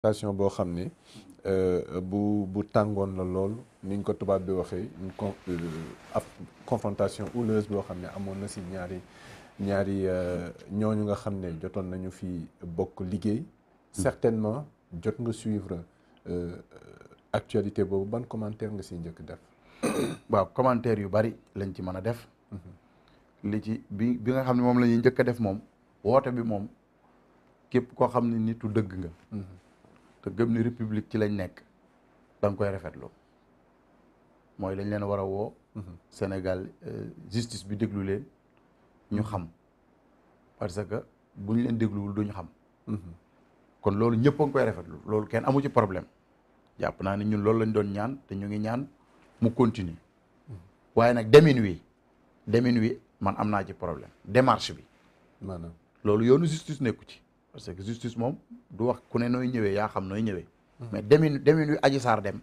station boo xam ni euh, bu bu tàngoon la lool niñ ko tubaab bi waxee une con euh, ab confrontation houleuse boo xam ne amoon na si ñaari ñaari euh, ñooñu nga xam ne jotoon nañu fi bokk liggéey. Hmm. certainement jot nga suivre actualité boobu ban commentaire nga siy njëkk def. waaw commentaire yu bari lañ ci mën a def. Mm-hmm. li ci bi bi nga xam ne moom la ñuy njëkk a def moom woote bi moom képp koo xam ne nitu dëgg nga. Mm-hmm. te gëm ni république ci lañ nekk danga nga koy rafetlu mooy dañ leen war a woo. Mhm. Sénégal euh, justice bi déglu leen ñu xam parce que bu ñu leen dégluwul duñu xam. Mhm. kon loolu ñëpp a ngi koy rafetlu loolu kenn amu ci problème jàpp naa ne ñun loolu lañ doon ñaan te ñu ngi ñaan mu continue mhm. waaye nag demin wi demin wi man am naa ci problème démarche bi. maanaam loolu yoonu justice nekku ci. parce que justice moom du wax ku ne nooy ñëwee yaa xam nooy ñëwee. Hmm. mais demin demin wi aji saar dem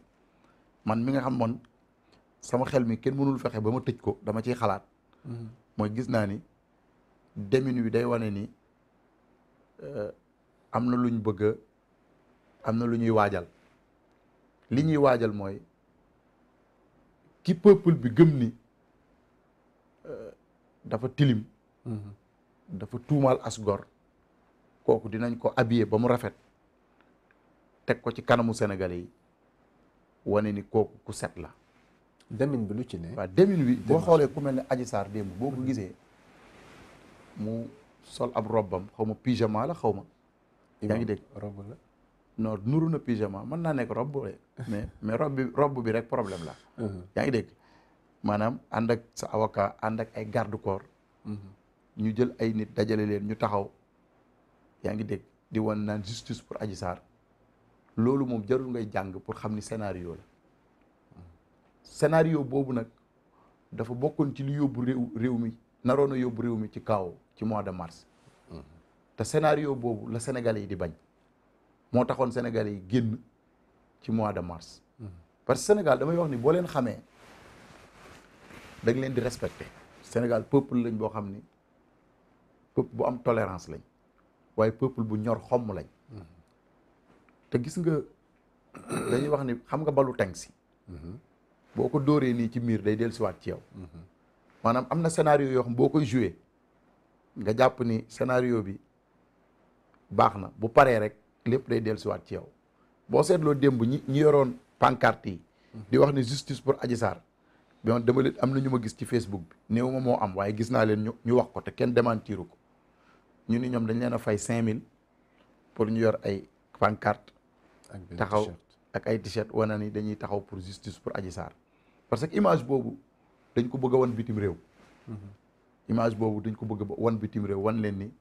man mi nga xam man sama xel mi kenn mënul fexe ba ma tëj ko dama ciy xalaat. Hmm. mooy gis naa ni demin wi day wane ni euh, am na luñ bëgg am na lu ñuy waajal li ñuy waajal mooy ki peuple bi gëm ni euh, dafa tilim. Hmm. dafa tuumaal as kooku dinañ ko habillé ba mu rafet teg ko ci kanamu Sénégalais yi wane ni kooku ku set la. demin bi lu ci ne. waaw demin bi boo xoolee ku mel ni aji saar démb boo ko mm-hmm. gisee mu sol ab robbam xaw ma pyjama la xaw ma. yaa ngi dégg robb la. non nuru na pyjama mën naa nekk robb mais mais robb bi robb bi rek problème la. Mm-hmm. yaa ngi dégg maanaam ànd ak sa avocat ànd ak ay garde corps. Mm-hmm. ñu jël ay nit dajale leen ñu taxaw. yaa ngi dégg di wan naan justice pour Adji Sarr loolu moom jarul ngay jàng pour xam ni scénario la scénario boobu nag dafa bokkoon ci lu yóbbu réew réew mi naroon a yóbbu réew mi ci kaw ci mois de mars te scénario boobu la sénégal yi di bañ moo taxoon Sénégalais yi génn ci mois de mars parce que Sénégal damay wax ni boo leen xamee dañ leen di respecté Sénégal peuple lañ boo xam ni peuple bu am tolérance lañ waaye peuple bu ñor xomm lañ te gis nga dañuy wax ni xam nga balu teng si boo ko dóoree nii ci miir day dellusiwaat ci yow maanaam am na scénario yoo xam boo koy joué nga jàpp ni scénario bi baax na bu paree rek lépp day dellusiwaat ci yow boo seetloo démb ñi ñi yoroon pancarte yi di wax ni justice pour Adji Sarr bon dama leen am na ñu ma gis ci Facebook bi néew ma moo am waaye gis naa leen ñu ñu wax ko te kenn démentiru ko ñu ni ñoom dañ leen a fay cinq mille pour ñu yor ay pancarte taxaw ak ay t-shirt wana ni dañuy taxaw pour justice pour aji saar parce que image boobu dañ ko bëgg a wan bitim réew mhm. image boobu dañ ko bëgg a wan bitim wan leen ni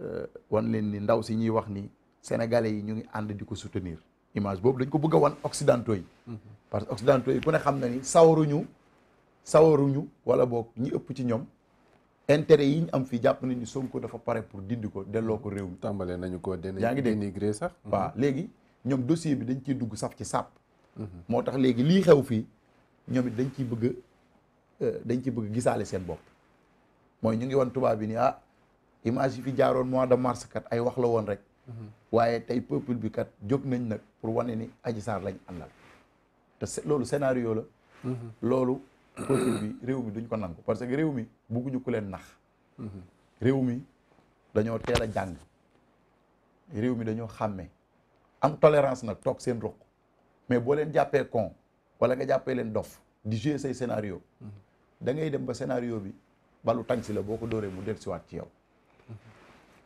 euh, wan leen ni ndaw si ñuy wax ni sénégalais yi ñu ngi ànd di ko soutenir image boobu dañ ko bëgg a wan occidentaux yi mhm. parce que occidentaux yi ku ne xam na ni sawaruñu sawaruñu wala boog ñi ëpp ci ñoom intérêt yi ñu am fii jàpp nañu Sonko dafa pare pour dindi ko delloo ko réew mi. tàmbalee nañu ko denn yaa ngi dégg sax. waaw mhm. léegi ñoom dossier bi dañ ciy dugg saf ci sàpp. Mhm. moo tax léegi lii xew fii ñoom it dañ ciy bëgg euh, dañ ci bëgg gisaale seen bopp. mooy ñu ngi wan tubaab bi ni ah image yi fi jaaroon mois de mars kat ay wax la woon rek. Mhm. waaye tey peuple bi kat jóg nañ nag pour wane ni Adji Sarr lañ àndal. te loolu scénario la. loolu. profil bi réew mi duñ ko nangu parce que réew mi bugguñu ko leen nax réew mi dañoo teel a jàng réew mi dañoo xàmme am tolérance nag toog seen ruq mais boo leen jàppee con wala nga jàppee leen dof di jouer say scénario da ngay dem ba scénario bi balu tàng si la boo ko dóoree mu del siwaat ci yow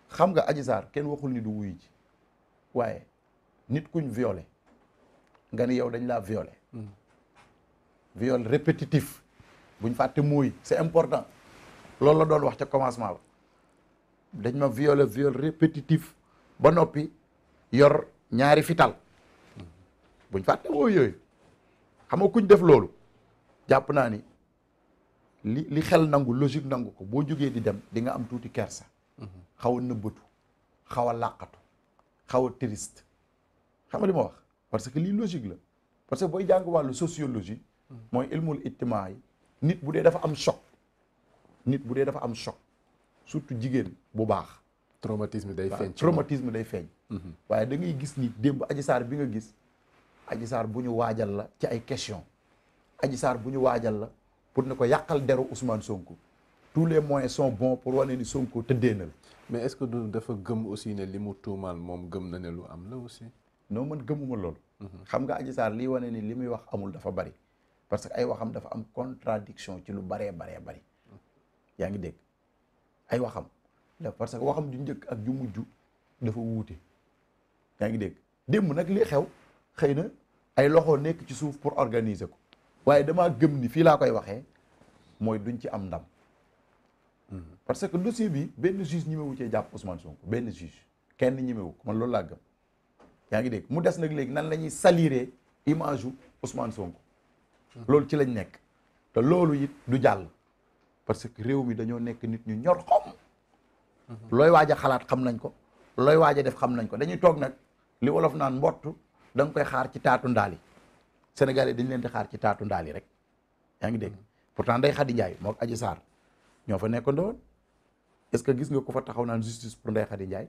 xam nga aji Sarr kenn waxul ni du wuyu ji waaye nit kuñ violé nga ni yow dañ laa violé viol répétitif buñ fàtte mooy c'est important loolu la doon wax ca commencement ba dañ ma viole viol répétitif ba noppi yor ñaari fital buñ fàtte mooy yooyu xam nga kuñ def loolu jàpp naa ni li li xel nangu logique nangu ko boo jugee di dem di nga am tuuti kersa xaw a nëbbatu xaw a làqatu xaw a triste xam nga li ma wax parce que lii logique la parce que booy jàng wàllu sociologie mooy ilmul ijtimaa yi nit bu dee dafa am choc nit bu dee dafa am choc surtout jigéen bu baax traumatisme day feeñ traumatisme day feeñ mhm. waaye da ngay gis ni démb aji saar bi nga gis aji saar bu ñu waajal la ci ay question aji saar bu ñu waajal la pour ne ko yàqal deru Ousmane Sonko tous les moyens son bons pour wane ni Sonko tëddee na la mais est-ce que du dafa gëm aussi ne li mu tuumaal moom gëm na ne lu am la aussi non man gëmuma loolu mhm. xam nga aji saar liy wane ni li muy wax amul dafa bari parce que ay waxam dafa am contradiction ci lu baree baree bari yaa ngi dégg ay waxam la parce que waxam ju njëkk ak ju mujj dafa wuute yaa ngi dégg démb nag li xew xëy na ay loxo nekk ci suuf pour organiser ko waaye dama gëm ni fii laa koy waxee mooy duñ ci am ndam parce que dossier bi benn juge ñimewu cee jàpp Ousmane Sonko benn juge kenn ñimewu ko man loolu laa gëm yaa ngi dégg mu des nag léegi nan la ñuy saliré image u Ousmane Sonko loolu ci lañ nekk te loolu it du jàll parce que réew mi dañoo nekk nit ñu ñor xom looy waaj a xalaat xam nañ ko looy waaja def xam nañ ko dañuy toog nag li olof naan mbott danga koy xaar ci taatu ndaali yi Sénégal dañ leen di xaar ci taatu ndaal yi rek yaa ngi dégg pourtant day Xadi Njaay moog Aji saar ñoo fa nekk ndoon est-ce que gis nga ko fa taxaw naan justice pour Ndeye Khady Ndiaye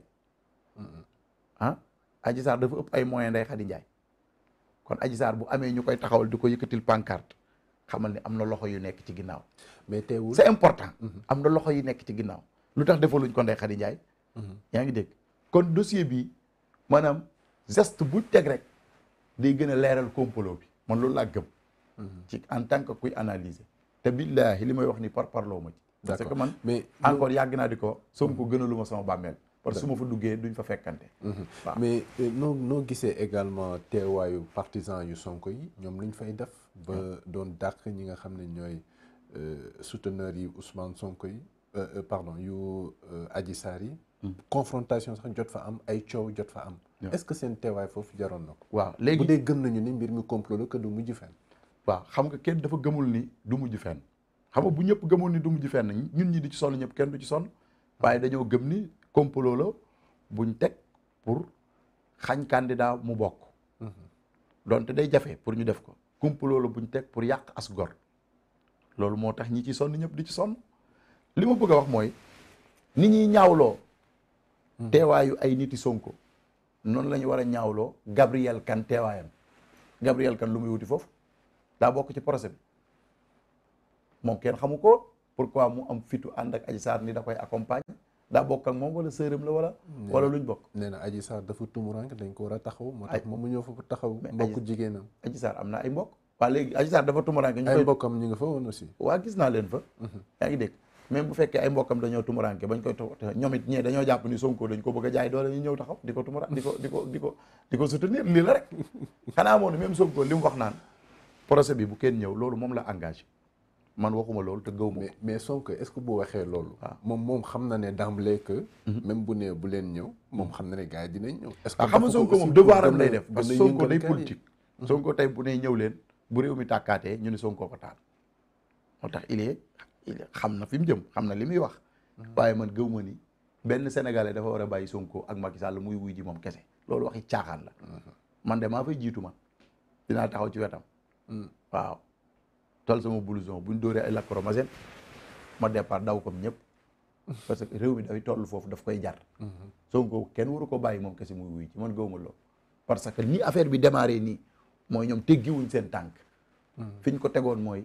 ah Adji Sarr dafa ëpp ay moyens Ndeye Khady Ndiaye kon Adji Sarr bu amee ñu koy taxawal di ko yëkkatil pancarte xamal ni am na loxo yu nekk ci ginnaaw. mais teewul c'est important. Mhm. am na loxo yu nekk ci ginnaaw. lu tax defaluñ ko Ndeye Khady Ndiaye. Mhm. yaa ngi dégg kon dossier bi maanaam geste bu teg rek day gën a leeral complot bi man loolu laa gëm. Mhm. ci en tant que kuy analyser. te billaahi li may wax ni par parloo loo ci. parce que man mais encore yàgg naa di ko. Sonko gënaluma sama bàmmeel. parce que ma fa duggee duñ fa fekkante mhm. waaw mais euh, noo noo gisee également teewaayu partisan yu Sonko yi ñoom luñ fay def ba ah. doon dàq ñi nga xam ne ñooy euh, souteneurs yi Ousmane Sonko yi euh, pardon yu aji Sarr yi hmm. confrontation sax jot fa am ay coow jot fa am est-ce que seen teewaay foofu jaroon na ko waaw léegi bu dee gëm nañu ni mbir mi complot la que du mujj fenn waaw xam nga kenn dafa gëmul ni du mujj fen xam nga bu ñëpp gëmoon ni du mujj fenn ñun ñi di ci sonn ñëpp kenn du ci sonn ah. waaye dañoo gëm ni complot la buñ teg pour xañ candidat mu bokk. donte day jafe pour ñu def ko. complot la buñ teg pour yàq as loolu moo tax ñi ci sonn ñëpp di ci sonn li ma bëgg a wax mooy ni ñuy ñaawloo. teewaayu ay niti Sonko. noonu la ñu war a ñaawloo Gabriel Kane teewaayam Gabriel Kane lu muy wuti foofu daa bokk ci procès bi moom kenn xamu ko pour pourquoi mu am fitu ànd ak Adji Sarr ni da koy accompagner daa bokk ak moom wala sëram la wala wala luñ bokk nee na Adji Sarr dafa tumurank dañ ko war a taxaw moo tax moom mu ñëw fa taxaw mbokk jigéenam Adji Sarr am na ay mbokk waa léegi Adji Sarr dafa tumurank ñu ay mbokkam ñu nga fa waa gis naa leen fa mhm. yaa ngi dégg même bu fekkee ay mbokkam dañoo tumuranke bañ koy taxaw ñoom it ñee dañoo jàpp ni Sonko dañ ko bëgg a jaay doole ñu ñëw taxaw di ko tumura di ko di ko ko di ko soutenir lii la rek xanaa moom même Sonko li mu wax naan procès bi bu kenn ñëw loolu moom la engagé man waxuma loolu te gëw ma mais Sonko est-ce que bu waxee loolu ah. moom moom xam na ne d'emblée que mhm. même bu nee bu leen ñëw moom xam na ne gaa yi dinañ ñëw est-ce ah, que xam na Sonko moom devoir am def parce que mhm. Sonko tey bu nee ñëw leen bu réew mi tàkkaatee ñu ne Sonko ko taal moo tax il xam na fi mu jëm xam na li muy wax mhm. waaye man gëw ma ni benn sénégalais dafa war a bàyyi Sonko ak Macky Sall muy wuy ji moom kese loolu waxi caaxaan la man de maa fay jiitu man dinaa taxaw ci wetam waaw sol sama blouson bu ñu dóoree ay lacrymogène ma départ daw comme ñëpp parce que réew mi dafay toll foofu daf koy jar Sonko kenn waru ko bàyyi moom kese muy wuy ci man gëwuma loolu parce que ni affaire bi démarré nii mooy ñoom teggiwuñ seen tànk fi ñu ko tegoon mooy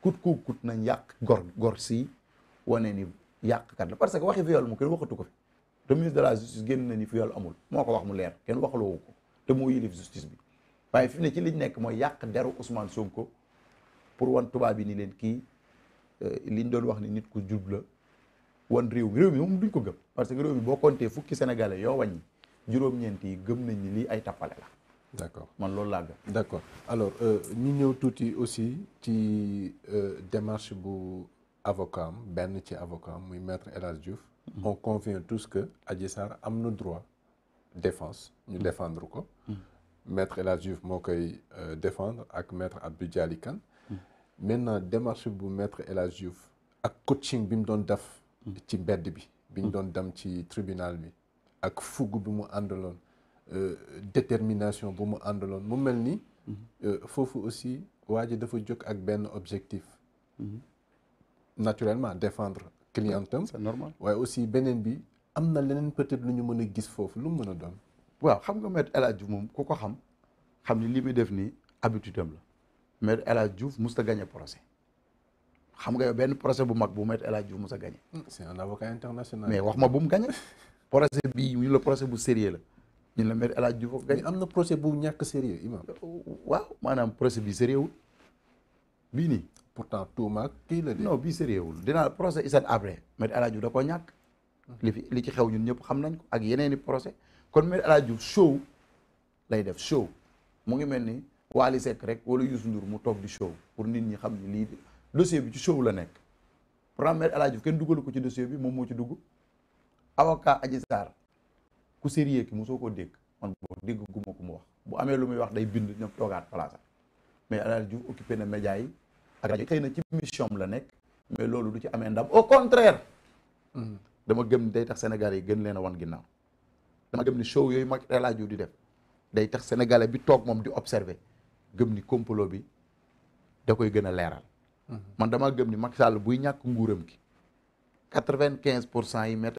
kut ku kut nañ yàq gor gor si wane ni yàqkat la parce que waxi viol mu kenn waxatu ko fi te la justice na ni viol amul moo ko wax mu leer kenn waxloowu ko te moo justice bi waaye fi ne ci liñ nekk mooy yàq deru Ousmane Sonko pour wan tubaab yi nii leen kii euh, liñ doon wax ni nit ku jub la wan réew mi réew mi moom duñ ko gëm parce que réew mi boo compté fukki sénégalais yoo wàññi juróom-ñeent yi gëm nañ ni lii ay tappale la d' accord man loolu laa gëm d' accord alors euh, ñu ñëw tuuti aussi ci euh, démarche bu avocat benn ci avocat am muy maître El Hadj Diouf mm-hmm. on convient tous que Adji Sarr am na droit défense ñu défendre ko mm-hmm. maître El Hadj Diouf moo koy défendre ak maître Abdou Dialy maintenant démarche bu maître El ak coaching bi mu doon def ci mbedd bi bi ñu doon dem ci tribunal bi ak fugg bi mu àndaloon euh, détermination bu mu àndaloon mu mel ni euh, foofu aussi waa ji dafa jóg ak benn objectif naturellement défendre clientam c'est normal waaye aussi beneen bi am na leneen peut-être lu ñu mën a gis foofu lu mu mën a doon waaw xam nga maître El Hadj Diouf moom ku ko xam xam ni li muy def nii habitude am la Me El Hadj Diouf ta gagné procès xam nga benn procès bu mag bu Me El Hadj Diouf musta gagné. Hmm, c'est un avocat international. mais wax ma bu mu gagné procès bii ñu la procès bu sérieux la. ñu la Me El Hadj Diouf am na procès bu ñàkk sérieux imam euh, waaw maanaam procès bi sérieux wul bii nii pourtant tuuma kii la de non bii sérieux wul dinaa procès Issa Habré Me El Hadj Diouf da ñàkk fi li ci xew ñun ñëpp xam nañ ko ak yeneeni procès kon Me El Hadj Diouf lay def show mu ngi mel ni Wally Seck rek wala Youssou Ndour mu toog di show pour nit ñi xam ne lii dossier bi ci show la nekk premier El Hadj Diouf kenn dugalu ko ci dossier bi moom moo ci dugg avocat Adji Sarr ku sérieux ki mosoo koo dégg man boo dégg guma ko mu wax bu amee lu muy wax day bind ñoom toogaat place mais El Hadj Diouf occupé na média yi ak rajo xëy na ci mission la nekk mais loolu du ci amee ndam au contraire dama gëm day tax Sénégal yi gën leen a wan ginnaaw dama gëm ni show yooyu mag El Hadj di def day tax sénégalais bi toog moom di observer gëm ni complot bi da koy gën a leeral. Mm-hmm. man dama gëm ni Macky Sall buy ñàkk nguuram gi quatre vingt quinze pour cent yi